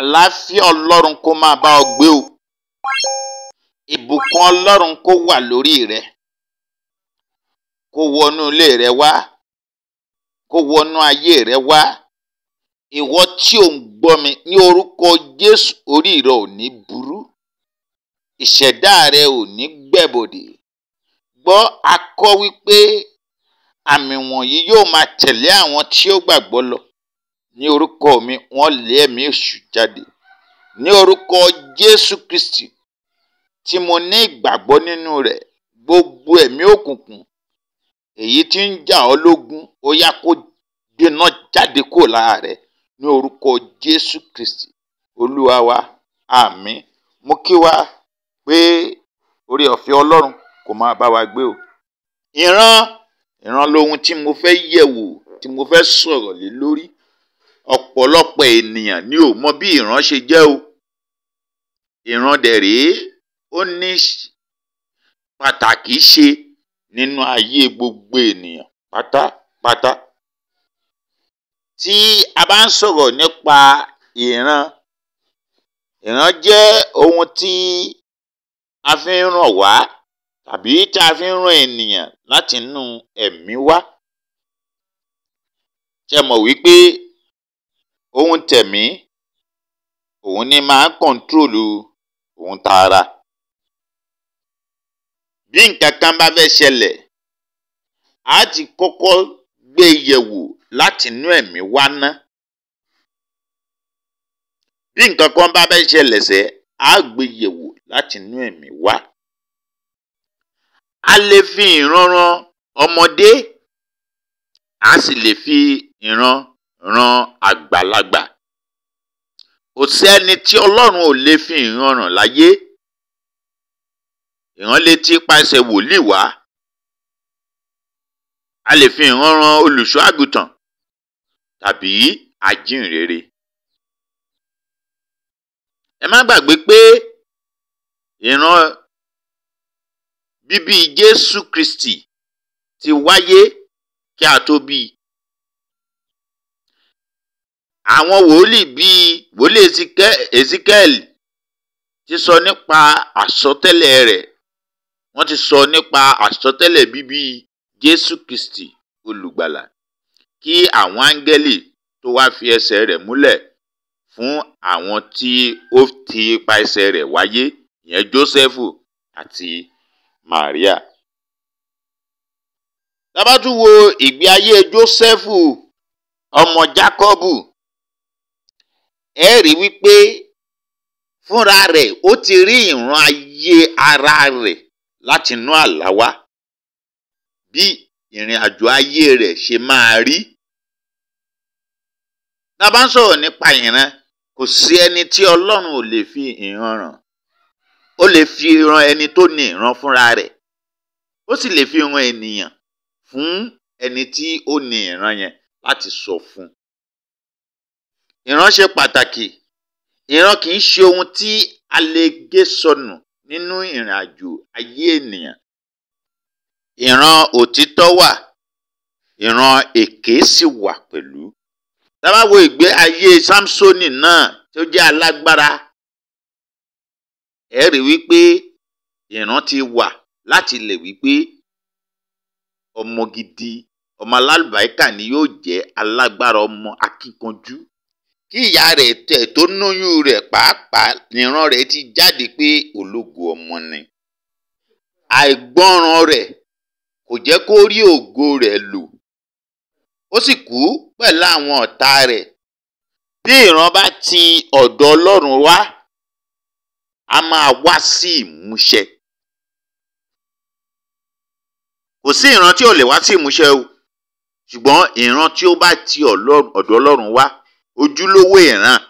àlàáfíà ọlọ́run kó máa bá ọ gbé o ìbùkún ọlọ́run kó wà lórí rẹ kó wọnú ilé rẹ wá kó wọnú ayé rẹ wá ìwọ tí ò ń gbọ́ mi ní orúkọ Jésù orí rẹ ò ní burú ìṣẹ̀dá rẹ ò ní gbẹ̀bọ̀dè gbọ́ akọ́ wípé àmì wọ̀nyí yóò máa tẹ̀lé àwọn tí ó gbàgbọ́ lọ ní orúkọ mi wọ́n lé ẹ̀mí èṣù jáde ní orúkọ Jésù Kristi tí mo ní ìgbàgbọ́ nínú rẹ̀ gbogbo ẹ̀mí òkùnkùn èyí tí ń jà ọ́ lógun ó yá kó gbiná jáde kúrò lára rẹ̀ ní orúkọ Jésù Kristi olúwa wa àmín mo kí wa pé orí ọ̀fẹ́ Ọlọ́run kò máa bá wa gbé o ìran ìran lohun tí mo fẹ́ yẹ̀wò tí mo fẹ́ sọ̀rọ̀ lé lórí ọ̀pọ̀lọpọ̀ ènìyàn ni ò mọ bí ìran ṣe jẹ́ o ìran dẹ̀ rèé ó ní pàtàkì ṣe nínú ayé gbogbo ènìyàn pátápátá tí a bá ń sọ̀rọ̀ nípa ìran ìran jẹ́ ohun tí a fi ń ràn wá tàbí tí a fi ń ràn ènìyàn láti inú ẹ̀mí wá ṣe mọ̀ wípé ohun tẹ̀mí òun ni máa ń kọ̀ńtrólù ohun tara. bí nǹkan kan bá fẹ́ ṣẹlẹ̀ á ti kọ́kọ́ gbé yẹ̀wò láti inú ẹ̀mí wá ná. bí nǹkan kan bá fẹ́ ṣẹlẹ̀ sẹ́ á gbé yẹ̀wò láti inú ẹ̀mí wá. a lè fi ìran ran ọmọdé a sì lè fi ìran ran àgbàlagbà kò sí ẹni tí ọlọ́run ò lè fi ìran ràn láyé ìran lè ti paṣẹ wòlíì wá a lè fi ìran ran olùṣọ́ àgùntàn tàbí ajínrere ẹ má gbàgbé pé ìran bíbí Jésù Kristi ti wáyé kí a tó bí àwọn wòlíì bíi wòlíì ezekiel ti sọ nípa àsọtẹ́lẹ̀ rẹ̀ wọ́n ti sọ nípa àsọtẹ́lẹ̀ bíbí jésù kristi olùgbàlà kí àwọn áńgẹ́lì tó wá fi ẹsẹ̀ rẹ̀ múlẹ̀ fún àwọn tí ó ti ipa ẹsẹ̀ rẹ̀ wáyé ìyẹn jósẹ́fù àti màríà. tá bá tún wo ìgbé ayé jósẹ́fù ọmọ jákọ́bù ẹ rí wípé fúnra rẹ̀ ó ti rí ìran ayé ara rẹ̀ látinú àlá wá bí ìrìn àjò ayé rẹ̀ ṣe máa rí. Tá a bá ń sọ̀rọ̀ nípa ìran kò sí ẹni tí Ọlọ́run ò lè fi ìran ràn ó lè fi ran ẹni tó ní ìran fúnra rẹ̀ ó sì lè fi ran ènìyàn fún ẹni tí ó ní ìran yẹn láti sọ fún un Ìran ṣe pàtàkì. Ìran kìí ṣe ohun tí a lè gé sọnù nínú ìrìnàjò ayé ènìyàn. Ìran òtítọ́ wà, ìran èké sì wà pẹ̀lú. Tá bá wo ìgbé ayé Sámsónì náà tó jẹ́ alágbára, ẹ́ rí wípé ìran ti wà láti lè wípé ọmọ gidi, ọmọ alálùbáríkà ni yóò jẹ́ alágbára ọmọ akínkanjú kí ìyá rẹ̀ tẹ̀ tó lóyún rẹ̀ pàápàá níran rẹ̀ ti jáde pé ológo ọmọ ni àìgbọ́ràn rẹ̀ kò jẹ́ kó rí ògo rẹ̀ lò ó sì kú pẹ̀lú àwọn ọ̀tá rẹ̀ bí ìran bá ti ọ̀dọ̀ Ọlọ́run wá a máa wá sí ìmúṣẹ kò sí ìran tí ò lè wá sí ìmúṣẹ o ṣùgbọ́n ìran tí ó bá ti ọ̀dọ̀ Ọlọ́run wá ojúlówó ìran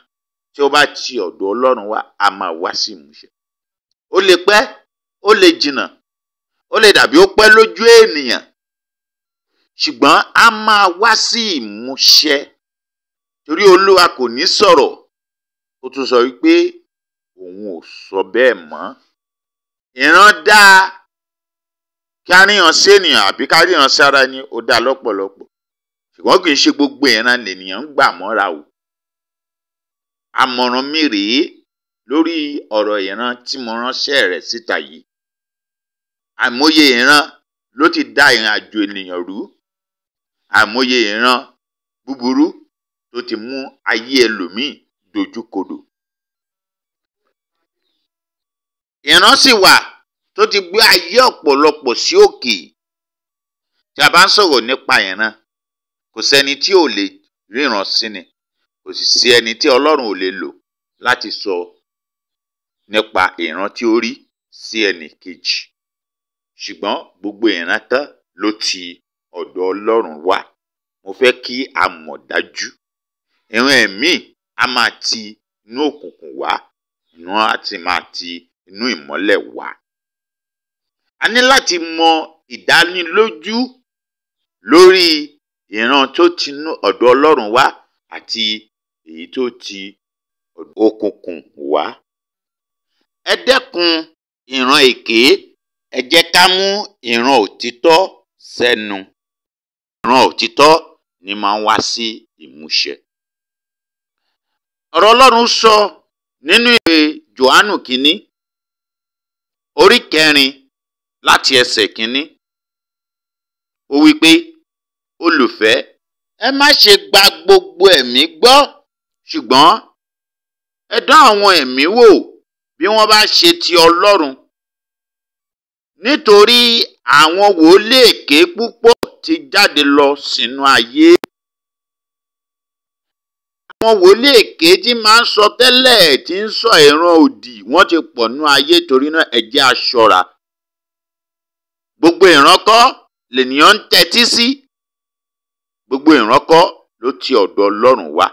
tí ó bá ti ọ̀dọ̀ ọlọ́run wá a máa wá sí ìmúṣẹ. ó lè pẹ́ ó lè jìnnà ó lè dàbí ó pẹ́ lójú ènìyàn ṣùgbọ́n a máa wá sí ìmúṣẹ torí olúwa kò ní sọ̀rọ̀ ó tún sọ wípé òun ò sọ bẹ́ẹ̀ mọ́ ìran dáa kí a ríran sí ènìyàn àbí ká ríran sára ni ó dáa lọ́pọ̀lọpọ̀ ṣùgbọ́n kì í ṣe gbogbo ìran lènìyàn ń gbà mọ́ra o àmọ̀ràn mi rèé lórí ọ̀rọ̀ ìran tí mo ránṣẹ́ rẹ̀ síta yìí. àìmọye ìran ló ti da ìrìnàjò ènìyàn rú àìmọye ìran búburú tó ti mú ayé ẹlòmíì dojúkodò. ìran sì wà tó ti gbé ayé ọ̀pọ̀lọpọ̀ sí òkè tí a bá ń sọ̀rọ̀ nípa ìran kò sẹ́ni tí ò lè ríran sí ni kò sì sí ẹni tí ọlọ́run ò lè lò láti sọ nípa ìran tí ó rí sí ẹnì kejì ṣùgbọ́n gbogbo ìran tán ló ti ọ̀dọ̀ ọlọ́run wá mo fẹ́ kí a mọ̀ dájú ìran ẹ̀mí a máa ti inú òkùnkùn wá ìran á ti máa ti inú ìmọ́lẹ̀ wá a ní láti mọ ìdánilójú lórí ìran tó tinú ọ̀dọ̀ ọlọ́run wá àti èyí tó ti òkùnkùn wá. ẹ dẹ́kun ìran èké ẹ jẹ́ ká mú ìran òtítọ́ sẹ́nu. ìran òtítọ́ ni máa ń wá sí ìmúṣẹ. ọ̀rọ̀ Ọlọ́run sọ nínú ìwé Jòhánù kínní orí kẹrin láti ẹsẹ̀ kínní ó wí pé olùfẹ́ ẹ má ṣe gba gbogbo ẹ̀mí gbọ́ ṣùgbọ́n ẹ dán àwọn ẹ̀mí wò bí wọ́n bá ṣe ti Ọlọ́run nítorí àwọn wòlíì èké púpọ̀ ti jáde lọ sínú ayé. àwọn wòlíì èké tí máa ń sọ tẹ́lẹ̀ tí ń sọ ìran òdì wọ́n ti pọ̀ nú ayé torí náà ẹ jẹ́ a ṣọ́ra. gbogbo ìran kọ́ lènìyàn ń tẹ́tí sí gbogbo ìran ló ti ọ̀dọ̀ Ọlọ́run wá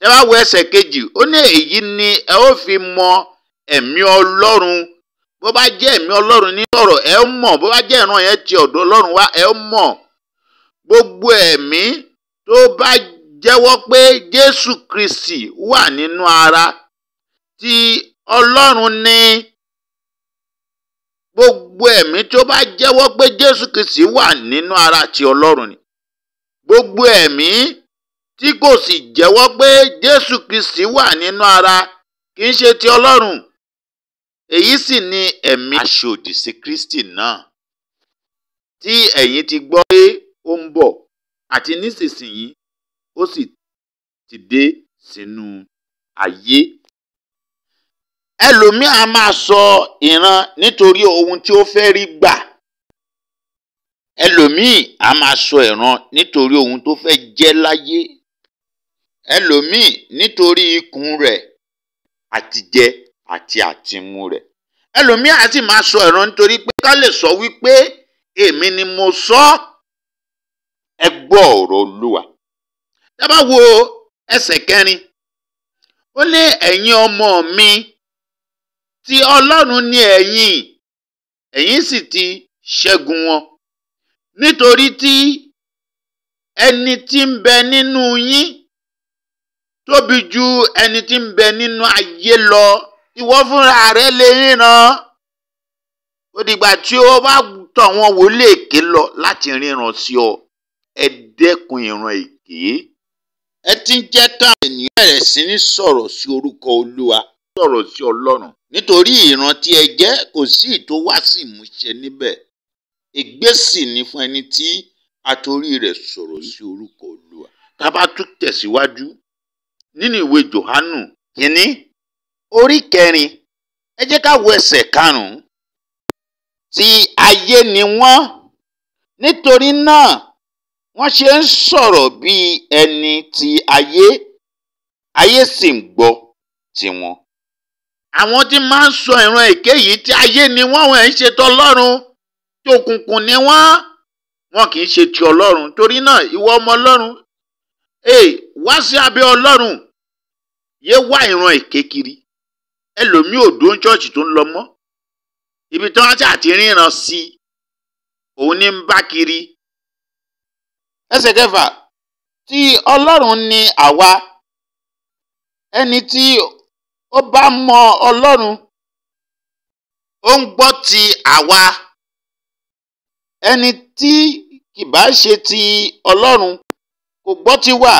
tẹ́ bá wo ẹsẹ̀ kejì ó ní èyí ni ẹ ó fi mọ ẹ̀mí ọlọ́run bó bá jẹ́ ẹ̀mí ọlọ́run ní ọ̀rọ̀ ẹ ó mọ̀ bó bá jẹ́ ìran yẹn ti ọ̀dọ̀ ọlọ́run wá ẹ ó mọ̀ gbogbo ẹ̀mí tó bá jẹ́wọ́ pé Jésù Kristi wà nínú ara ti ọlọ́run ni gbogbo ẹ̀mí tó bá jẹ́wọ́ pé Jésù Kristi wà nínú ara ti ọlọ́run ni gbogbo ẹ̀mí tí kò sì jẹ́wọ́ pé Jésù Kristi wà nínú ara kì í ṣe ti Ọlọ́run èyí sì ni ẹ̀mí aṣòdì sí Kristi náà tí ẹ̀yin ti gbọ́ pé ó ń bọ̀ àti nísinsìnyí ó sì ti dé sínú ayé. ẹlòmíà á máa sọ ìran nítorí ohun tí ó fẹ́ rí gbà ẹlòmíì á máa sọ ìran nítorí ohun tó fẹ́ jẹ́ láyé ẹlòmíì nítorí ikùn rẹ̀ àtijẹ àti àtimu rẹ̀ ẹlòmíì á sì máa sọ ẹ̀rọ nítorí pé ká lè sọ wípé èmi ni mo sọ ẹ ọ̀rọ̀ olúwa tá wo ẹsẹ̀ kẹrin ó ní ẹ̀yin ọmọ mi ti ọlọ́run ni ẹ̀yin ẹ̀yin sì ti ṣẹ́gun wọn nítorí tí ẹni tí ń bẹ nínú yín tóbi ju ẹni tí ń bẹ nínú ayé lọ ìwọ fúnra rẹ lè ríran ó dìgbà tí ó bá tọ̀ wọn wò lè ké lọ láti ríran sí ọ ẹ dẹ́kun ìran èké ẹ ti ń jẹ́ káwọn ènìyàn bẹ̀rẹ̀ sí ní sọ̀rọ̀ sí orúkọ olúwa sọ̀rọ̀ sí ọlọ́run nítorí ìran tí ẹ jẹ́ kò sí ìtò wá sí ìmúṣẹ níbẹ̀ ègbésì ni fún ẹni tí atorí rẹ̀ sọ̀rọ̀ sí orúkọ olúwa tá a bá tún tẹ̀síwájú nínú ìwé Jòhánù kínní orí kẹrin ẹ jẹ́ ká wo ẹsẹ̀ karùn-ún ti ayé ni wọ́n nítorí náà wọ́n ṣe ń sọ̀rọ̀ bí ẹni ti ayé ayé sì ń gbọ́ tiwọn. àwọn tí máa ń sọ ìran èké yìí tí ayé ni wọ́n wọ́n ń ṣe tọlọ́run tí òkùnkùn ni wọ́n wọn kì í ṣe ti ọlọ́run torí náà ìwọ ọmọ ọlọ́run ee wá sí abẹ́ ọlọ́run yé wá ìran èké kiri ẹlòmíì òdó ń ṣọ́ọ̀ṣì tó ń lọ mọ́ ibi tí wọ́n ṣáà ti ríran sí i òun ní ń bá kiri. ẹsẹ̀ kẹfà tí ọlọ́run ni àwa ẹni tí ó bá mọ ọlọ́run ó ń gbọ́ ti àwa ẹni tí kì bá ṣe ti ọlọ́run kò gbọ́ ti wà.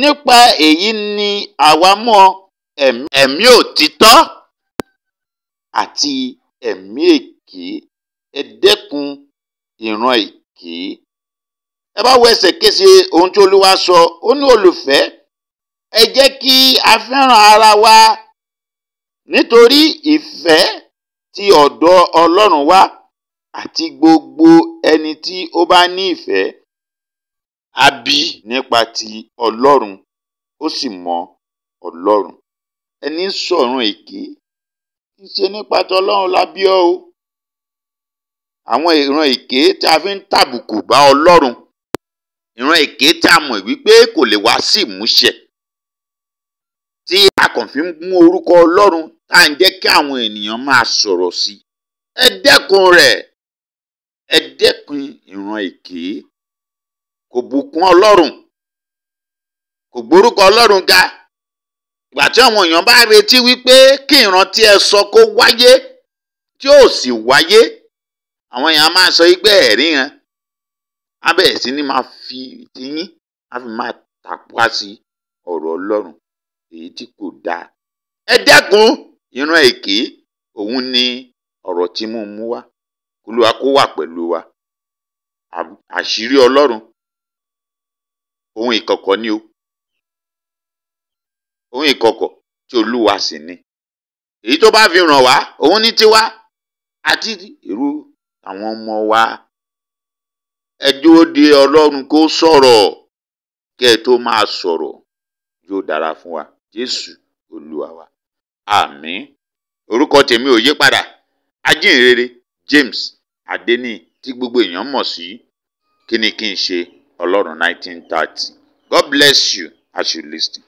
nípa èyí ni àwa mọ ẹ̀mí òtítọ́ àti ẹ̀mí èké ẹ dẹ́kun ìran èké ẹ bá wo ẹsẹ̀kẹsẹ̀ ohun tí olúwa sọ ó ní olùfẹ́ ẹ jẹ́ kí a fẹ́ràn ara wa nítorí ìfẹ́ ti ọ̀dọ̀ ọlọ́run wá àti gbogbo ẹni tí ó bá ní ìfẹ́ a bí nípa ti ọlọ́run ó sì mọ ọlọ́run ẹni sọ̀run èké ń ṣe nípa tọlọ́run la bí ọ o àwọn ìran èké tí a fi ń tàbùkù bá ọlọ́run ìran èké tí a mọ̀ wípé kò lè wá sí ìmúṣẹ tí a kàn fi ń mú orúkọ ọlọ́run tá à ń jẹ́ kí àwọn ènìyàn máa sọ̀rọ̀ sí i ẹ dẹ́kun rẹ̀ ẹ dẹ́kun ìran èké. kò bùkún ọlọ́run kò gbórúkọ ọlọ́run ga ìgbà tí àwọn èèyàn bá retí wípé kí ìrántí ẹ sọ kó wáyé tí ó sì wáyé àwọn èèyàn máa sọ igbe ẹ̀rí yẹn abẹ́ẹ̀ sí ni máa fi tiyín á fi máa tàpá sí ọ̀rọ̀ ọlọ́run èyí tí kò dáa ẹ dẹ́kun ìran èké òun ni ọ̀rọ̀ tí mo mú wá olúwa wà pẹ̀lú wa àṣírí ọlọ́run ohun ìkọ̀kọ̀ ni o ohun ìkọ̀kọ̀ tí olúwa sì ni èyí tó bá fi ràn wá òun ní tiwa àti irú àwọn ọmọ wa ẹ dúró de ọlọ́run kó sọ̀rọ̀ kẹ́ ẹ tó máa sọ̀rọ̀ yóò dára fún wa jésù olúwa wa àmín orúkọ tèmi ò yí padà ajínrere james adeni tí gbogbo èèyàn mọ̀ sí kí ni kí n ṣe. ọlọ́run nineteen thirty god bless you as you listen.